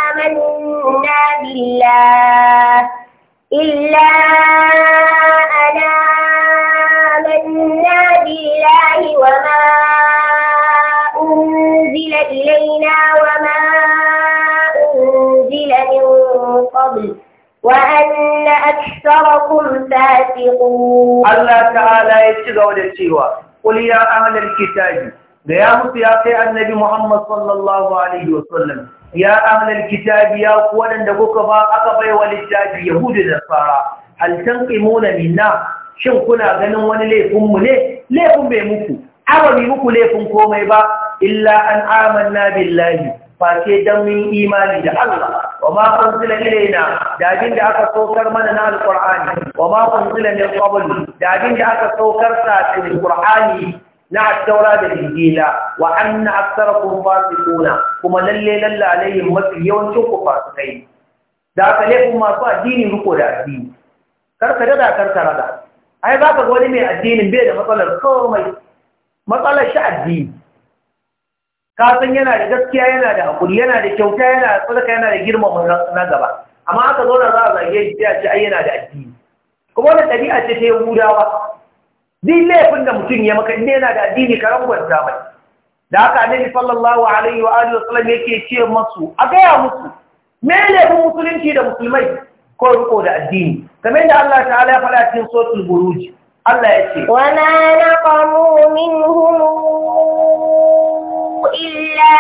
آمنا بالله إلا أنا آمنا بالله وما أنزل إلينا وما أنزل من قبل وأن أكثركم فاسقون الله تعالى يتشغى ودتشيوا قل يا أهل الكتاب يا مطياق النبي محمد صلى الله عليه وسلم يا أهل الكتاب يا قولا دقوك ما أقبي والكتاب يهود النصارى هل تنقمون منا shin kuna ganin wani laifinmu ne laifin bai muku awa bai muku laifin komai ba illa an amanna billahi face dan mun imani da Allah wa ma unzila ilaina da abin da aka saukar mana na alqur'ani wa ma unzila min qabl da abin da aka saukar sa cikin alqur'ani na Addaura da injila wa anna aktharakum fasiquna kuma lalle lalle yawancin ku ka masu addini da karka ai za ka ga wani mai addinin bai da matsalar komai matsalar shi addini ka yana da gaskiya yana da hakuri yana da kyauta yana da tsarka yana da girmama na gaba amma aka zo da za a zage shi ya ce ai yana da addini kuma wannan ɗabi'a ce ta yi hudawa. duk laifin da mutum ya maka inda yana da addini ka rangwanta mai da haka annabi sallallahu alaihi wa alihi wasallam yake ce masu a gaya musu me laifin musulunci da musulmai ko riko da addini kamar da Allah ta'ala ya fara cikin sotul Buruji. Allah ya ce wa ma naqamu minhum إلا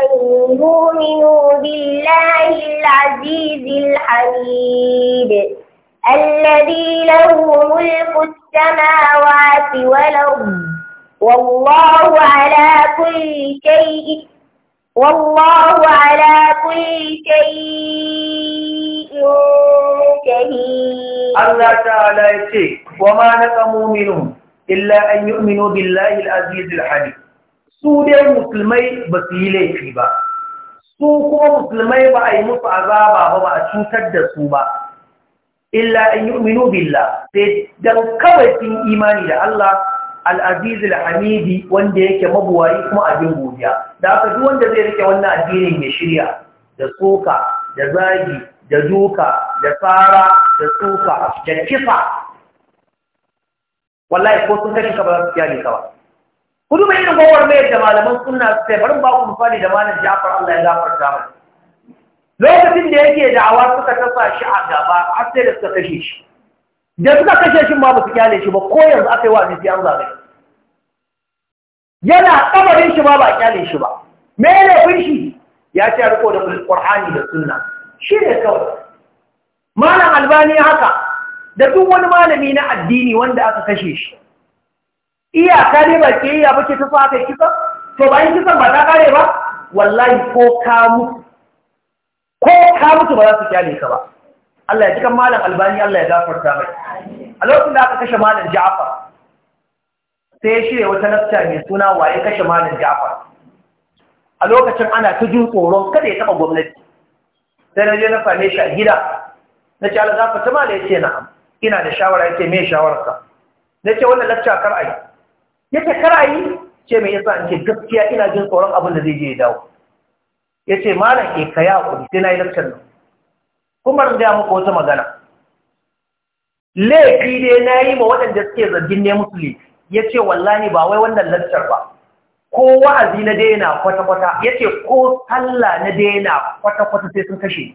أن يؤمنوا بالله العزيز الحميد الذي له ملك السماوات والأرض والله على كل شيء والله على كل شيء الله تعالى يقول وما نقموا منهم إلا أن يؤمنوا بالله العزيز الحميد su dai musulmai ba su yi laifi ba su kuma musulmai ba a yi musu azaba ba ba a cutar da su ba illa yi yu'minu billa sai don kawai sun imani da Allah al al’amidi hamidi wanda yake mabuwayi kuma abin godiya da aka duk wanda zai rike wannan addinin ya shirya da soka da zagi da duka da tsara da soka da kifa wallahi ko sun kashi ka ba za su kyali ka ba Kudu mai yin gowar mai da malaman suna su sai barin ba ku misali da malam Ja'far Allah ya gafarta mai lokacin da yake da'awa suka kasa shi a gaba har sai da suka kashe shi da suka kashe shi ba su kyale shi ba ko yanzu aka yi wa abin an zabe yana kabarin shi ba ba kyale shi ba me ne kun shi ya ce riko da Qur'ani da sunna shi ne kawai malam albani haka da duk wani malami na addini wanda aka kashe shi iyaka ne ba ke yi abu ke tafi aka kisan to bayan kisan ba ta kare ba wallahi ko ka mutu ko ka mutu ba za su kyale ka ba Allah ya ji kan malam albani Allah ya gafarta mai a lokacin da aka kashe malam Ja'far sai ya shirya wata lafta mai suna waye kashe malam Ja'far a lokacin ana ta jin tsoron kada ya taba gwamnati sai na je na same shi a gida na ce Allah gafarta malam ya ce na'am ina da shawara ya ce me shawararka na ce wannan lafta kar a yi ya ce kara yi ce mai yasa in ce gaskiya ina jin tsoron abin da zai je ya dawo ya ce malam ke ya kudi sai na yi lakcin nan kuma in gaya muku wata magana laifi ne na yi ma waɗanda suke zargin ne musulmi ya ce wallahi ba wai wannan lakcar ba ko wa'azi na daina kwata-kwata ya ce ko sallah na daina kwata-kwata sai sun kashe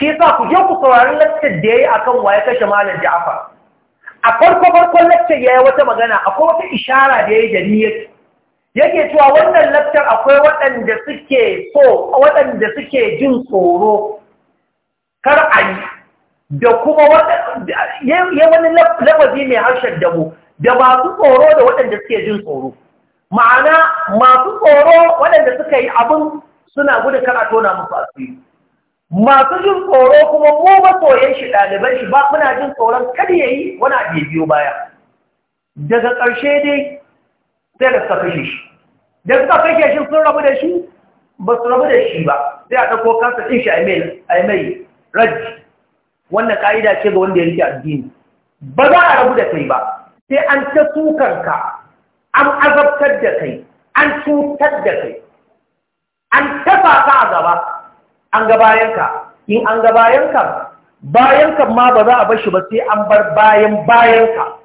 shi sa ku je ku saurari lakcar da ya yi akan ya kashe malam ja'afar a farko farkon ya yi wata magana akwai wata ishara da ya yi da niyyar yake cewa wannan lecture akwai waɗanda suke so waɗanda suke jin tsoro kar a yi da kuma wani labazi mai harshen mu, da masu tsoro da waɗanda suke jin tsoro ma'ana masu tsoro waɗanda suka yi abin suna gudun kar a tona musu asiri masu jin tsoro kuma mu masoyan shi ɗaliban shi ba muna jin tsoron kada ya yi wani abu biyo baya daga ƙarshe dai sai da suka kashe shi da suka kashe shi sun rabu da shi ba su rabu da shi ba sai a ɗauko kansa ɗin shi a mai raji wannan ƙa'ida ce ga wanda ya rike addini ba za a rabu da kai ba sai an ta ka, an azabtar da kai an cutar da kai an tafa ka a gaba an ga bayanka in an ga bayanka bayanka ma ba za a bar shi ba sai an bar bayan bayanka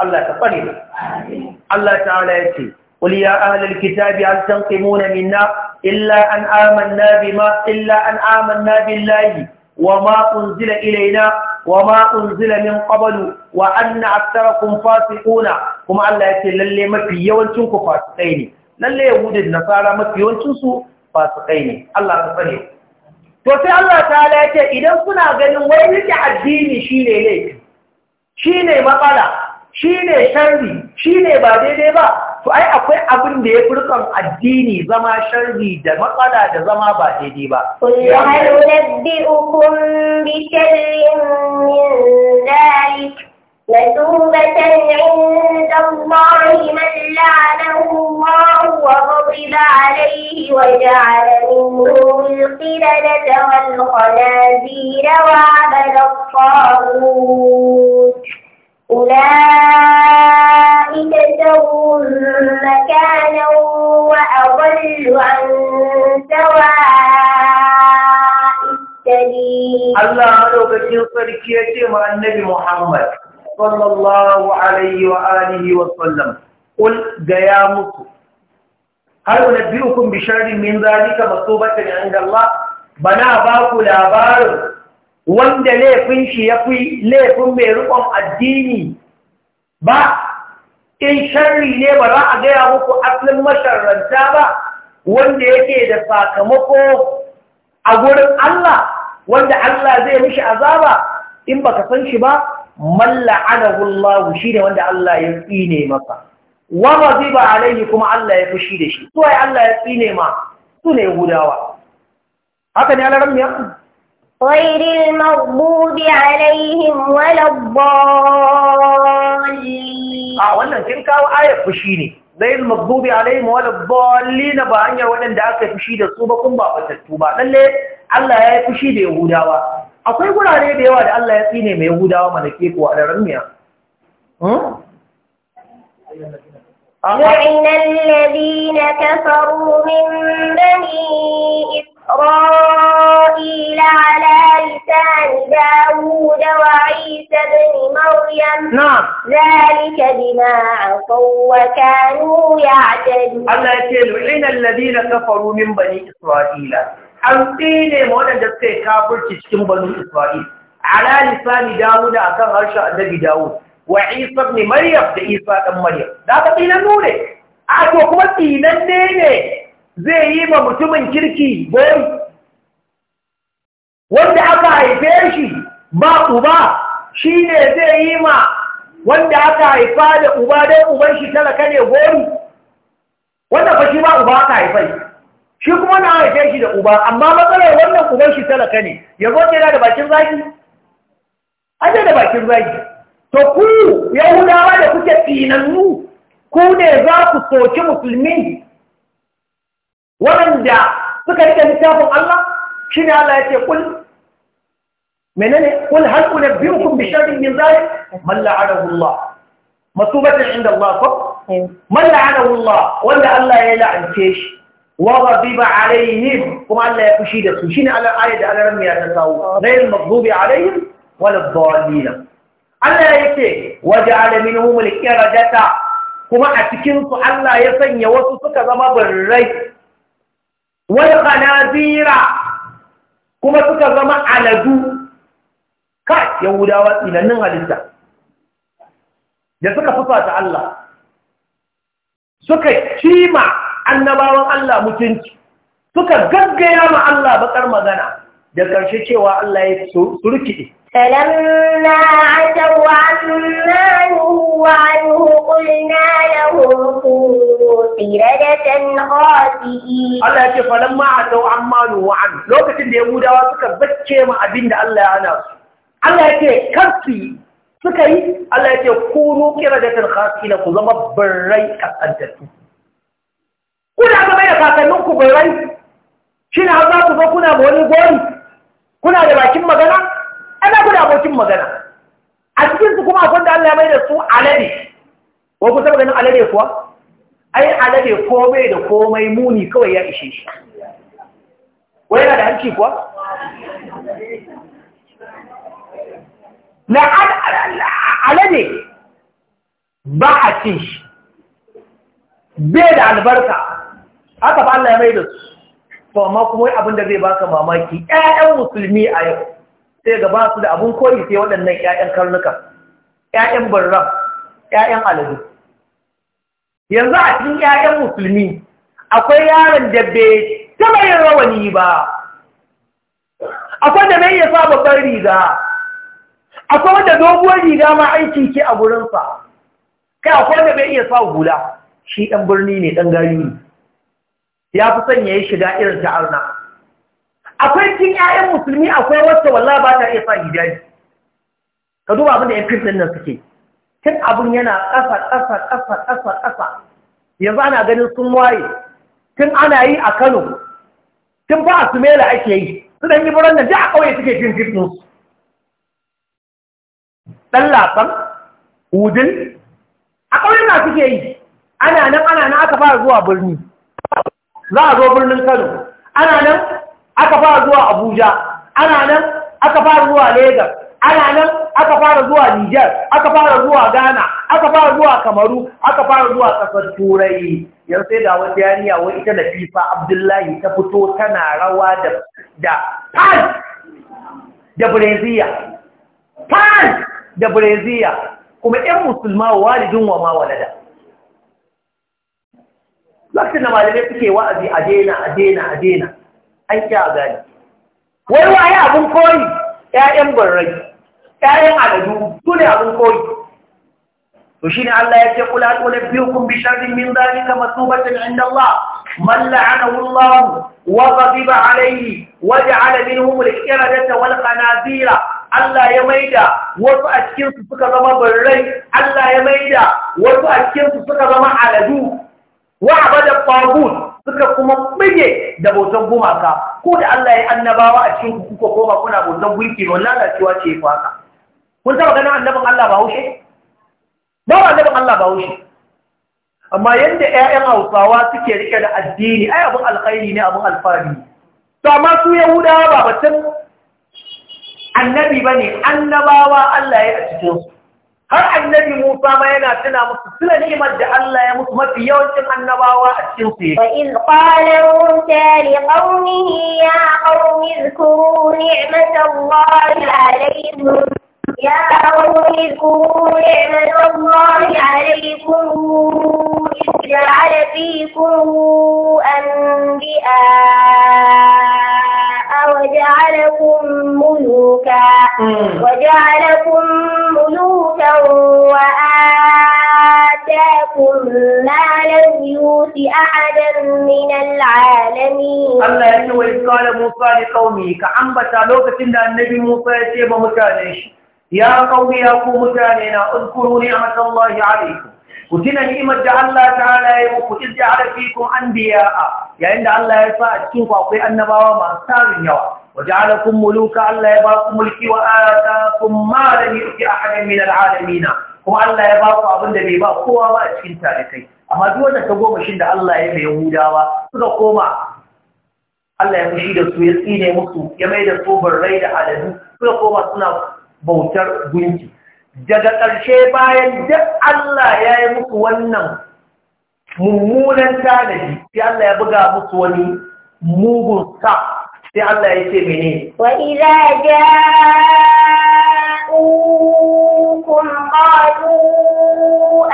Allah ta tsare mu Allah ta'ala ya ce kitabi يا أهل الكتاب illa تنقمون منا إلا أن آمنا بما إلا أن آمنا بالله وما أنزل إلينا وما أنزل من قبل وأن أكثركم فاسقون هم الله يقول للي ما في يوانتكم فاسقين lalle yahudin nasara mafi yawancinsu fasikai ne Allah ka sani to sai Allah ta ya ce idan kuna ganin wai rike addini shine laifi shine matsala shine sharri shine ba daidai ba to ai akwai abin da ya furkan addini zama sharri da matsala da zama ba daidai ba kullu hal nabbi'ukum bi sharrin min dhalik مثوبة عند الله من لعنه الله وغضب عليه وجعل منهم القردة والخنازير وعبد الطاغوت أولئك سوء مكانا وأضل عن سواء السبيل الله أعلم كثير فركيتي مع النبي محمد sallallahu alaihi wa alihi wa sallam ul gaya muku har wani biyu kun bi sharri min zalika masubatan inda Allah bana ba labarin wanda laifin shi ya fi laifin mai rukon addini ba in sharri ne ba a gaya muku asalin masharranta ba wanda yake da sakamako a gurin Allah wanda Allah zai mishi azaba in baka san shi ba man la'anahu Allah shine wanda Allah ya tsine masa wa ghadiba alaihi kuma Allah ya fushi da shi to ai Allah ya tsine ma su ne gudawa haka ne alaran miya غير المغضوب عليهم ولا الضالين اه wannan kin kawo ayar fushi ne غير المغضوب عليهم ولا الضالين ba hanyar wadanda aka fushi da su ba kun ba fatattu ba lalle Allah ya fushi da Yahudawa akwai gurare da yawa da Allah ya tsine mai yahudawa malake ko a daren miya لعن الذين كفروا من بني إسرائيل على لسان داود وعيسى بن مريم نعم ذلك بما عصوا وكانوا يعتدون الله يقول لعن الذين كفروا من بني إسرائيل an ne ma waɗanda suka yi kafirci cikin banu Isra'il ala lisani kan akan harshen Annabi dawo. wa Isa ne, Maryam da Isa dan Maryam da ka tsinan nure a to kuma tsinan ne ne zai yi ma mutumin kirki goyi wanda aka haife shi ba uba ne zai yi ma wanda aka haifa da uba dan uban shi talaka ne gori wanda fa shi ba uba aka haifai shi kuma na haife shi da uba amma matsalar wannan uban shi talaka ne ya zo da bakin zaki an da bakin zaki to ku yahudawa da kuke tsinannu ku ne za ku soki musulmi waɗanda suka rike littafin Allah shi ne Allah ya ce kul menene kul hal unabbiukum bi sharrin min zalik man la'anahu Allah masubatan inda Allah ko man la'anahu Allah wanda Allah ya la'ance shi wawa biba alaihim kuma Allah ya fushi da su shi ne ala'ayi da ala'ayi ya ala'ayi ta sawo na yin magbubi alaihim wani bawalina Allah ya ce waje alamin humul kirajata kuma a cikinsu Allah ya sanya wasu suka zama birrai wani kanazira kuma suka zama aladu ka yahudawa tsinannin halitta da suka fafata Allah suka cima annabawan Allah mutunci suka gaggaya ma Allah bakar magana da ƙarshe cewa Allah ya surkiɗe فلما عتوا عما نهوا عنه قلنا لهم كونوا قردة خاسئين الله يقول فلما عتوا عما نهوا Lokacin da كنت اليهودا suka bacce ma abin da Allah ya hana su Allah yake kansu suka yi Allah ya yake kunu qiradatan khasina ku zama barrai kasantattu kuna ga mai da kakannin ku rai shi ne har za ku zo kuna ma wani gori kuna da bakin magana ana kuna da abokin magana a cikin su kuma akwai da Allah mai da su alade ko ku saba ganin alade kuwa ai alade komai da komai muni kawai ya ishe shi wai yana da hanci kuwa na alade ba a cin shi bai da albarka aka ba Allah ya mai da su to amma kuma abin da zai baka mamaki ƴaƴan musulmi a yau sai ga ba su da abin koyi sai waɗannan ƴaƴan karnuka 'ya'yan barram ƴaƴan aladu yanzu a cikin 'ya'yan musulmi akwai yaron da bai taɓa yin rawani ba akwai da bai iya sa babban riga akwai wanda doguwar riga ma aiki ke a gurinsa kai akwai wanda bai iya sa hula shi ɗan birni ne ɗan gari ne ya fi son ya yi shiga irin ta arna akwai cikin 'ya'yan musulmi akwai wacce wallah ba ta iya sa hijabi ka duba abin da ƴan kirkin nan suke Cin abin yana ƙasa ƙasa ƙasa ƙasa ƙasa yanzu ana ganin sun waye tun ana yi a Kano tun ba a mela ake yi su ɗan yi buran da a ƙauye suke cin kirkin su dan a ƙauye na suke yi ana nan ana nan aka fara zuwa birni za a zo birnin Kano ana nan aka fara zuwa Abuja ana nan aka fara zuwa Legas, ana nan aka fara zuwa Niger aka fara zuwa Ghana aka fara zuwa Kamaru aka fara zuwa ƙasar Turai yan sai da wata yariya wai ita da FIFA Abdullahi ta fito tana rawa da da Pan da Brezia Pan da Brezia kuma 'yan musulma walidin wa ma walada lokacin da malamai suke wa'azi a daina a daina a daina an kya gani wai waye abin koyi ƴaƴan barrai ƴaƴan aladu su ne abin koyi to shine Allah ya ce kula to kun bi sharrin min dhalika masubatan inda Allah man la'anahu Allah wa ghadiba alayhi wa ja'ala minhum al-qiradata wal qanazira Allah ya maida wasu a cikinsu suka zama birrai, Allah ya maida wasu a suka zama aladu, wa abada tagut suka kuma bige da bautan gumaka ko da Allah ya annabawa a cikin ku kuka koma kuna bautan gunki ne wannan lalacewa ce fa haka kun taba ganin annabin Allah ba haushe ba annabin Allah ba haushe amma yanda ƴaƴan Hausawa suke rike da addini ai abun alkhairi ne abun alfari to amma su Yahudawa ba batun annabi bane annabawa Allah ya a cikin su har annabi Musa ma yana tuna musu suna ni'imar da Allah ya musu mafi yawancin annabawa a cikin su fa in qala Musa li qaumihi ya qaumi zkuru ni'matallahi alaykum يا قوم اذكروا نعمة الله عليكم إذ جعل فيكم أنبياء وجعلكم ملوكا وجعلكم ملوكا وآتاكم ما لم يوت أحدا من العالمين الله يقول وإذ قال موسى لقومه كعنبة لوكة النبي موسى يتيب مكانه يا قوم يا قوم مكاننا اذكروا نعمة الله عليكم ku tuna ni'imar da Allah ta'ala ya muku iz an fikum anbiya'a yayin da Allah ya sa a cikin kwakwai akwai annabawa masu tarin yawa waje ja'alakum muluka Allah ya ba ku mulki wa ataakum ma lam yu'ti ahadan min al'alamin kuma Allah ya ba ku abin da bai ba kowa ba a cikin kai amma duk wanda ta goma shin da Allah ya bai Yahudawa suka koma Allah ya fushi da su ya tsine musu ya mai da su rai da aladu suka koma suna bautar gunki daga ƙarshe bayan duk Allah ya yi muku wannan mummunan tanadi sai Allah ya buga musu wani mugun sa sai Allah ya ce mene wa idza ja'ukum qalu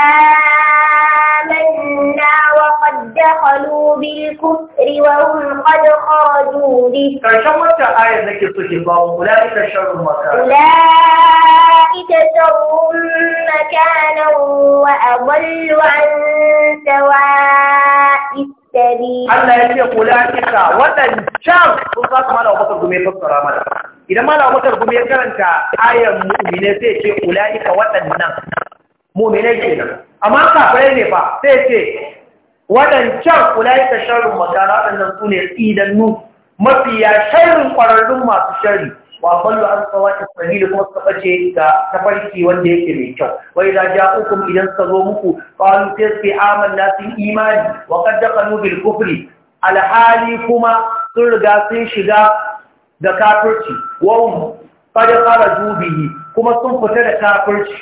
amanna wa qad dakhalu bil kufri wa hum qad khaju bi karshen wata ayar nake so ke ba mu ulai ka sharru makar أولئك شر مكانا وأضل عن سواء السبيل الله يقول أولئك waɗancan sun za su mala wa bakar gume fassara mana idan mala wa bakar gume karanta ayan mu'mine sai ce ula'ika waɗannan mu'mine ke nan amma kafirai ne fa sai ce waɗancan ula'ika sharrin magana waɗannan su ne tsidannu mafiya sharrin ƙwararrun masu sharri wa ballu an sawati sabil kuma suka bace ga tafarki wanda yake mai kyau wai da ja'ukum idan suka zo muku qalu tasbi amanna sun imani wa qad Nubil bil kufri alhali kuma sun riga sun shiga da kafirci wa qad fara bihi kuma sun fita da kafirci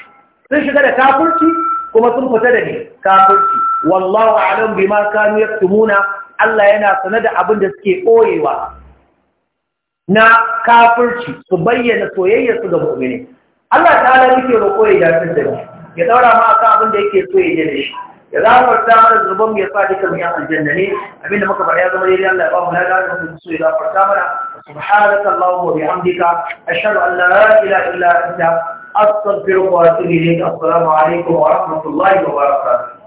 sun shiga da kafirci kuma sun fita da ne kafirci wallahu a'lam bima kanu yaktumuna Allah yana sanar da abin da suke koyewa na kafirci su bayyana soyayyarsu ga mu'mini Allah ta'ala muke roƙo ya dace da mu ya daura ma akan abin da yake so ya je da shi ya ta mana zuban ya sa duka mu yan aljanna ne abinda muka faɗa ya zama daidai Allah ya ba mu lada da mu so ya zafarta mana subhanaka allahumma wa bihamdika ashhadu an la ilaha illa anta astaghfiruka wa atubu ilayk assalamu alaikum wa rahmatullahi wa barakatuh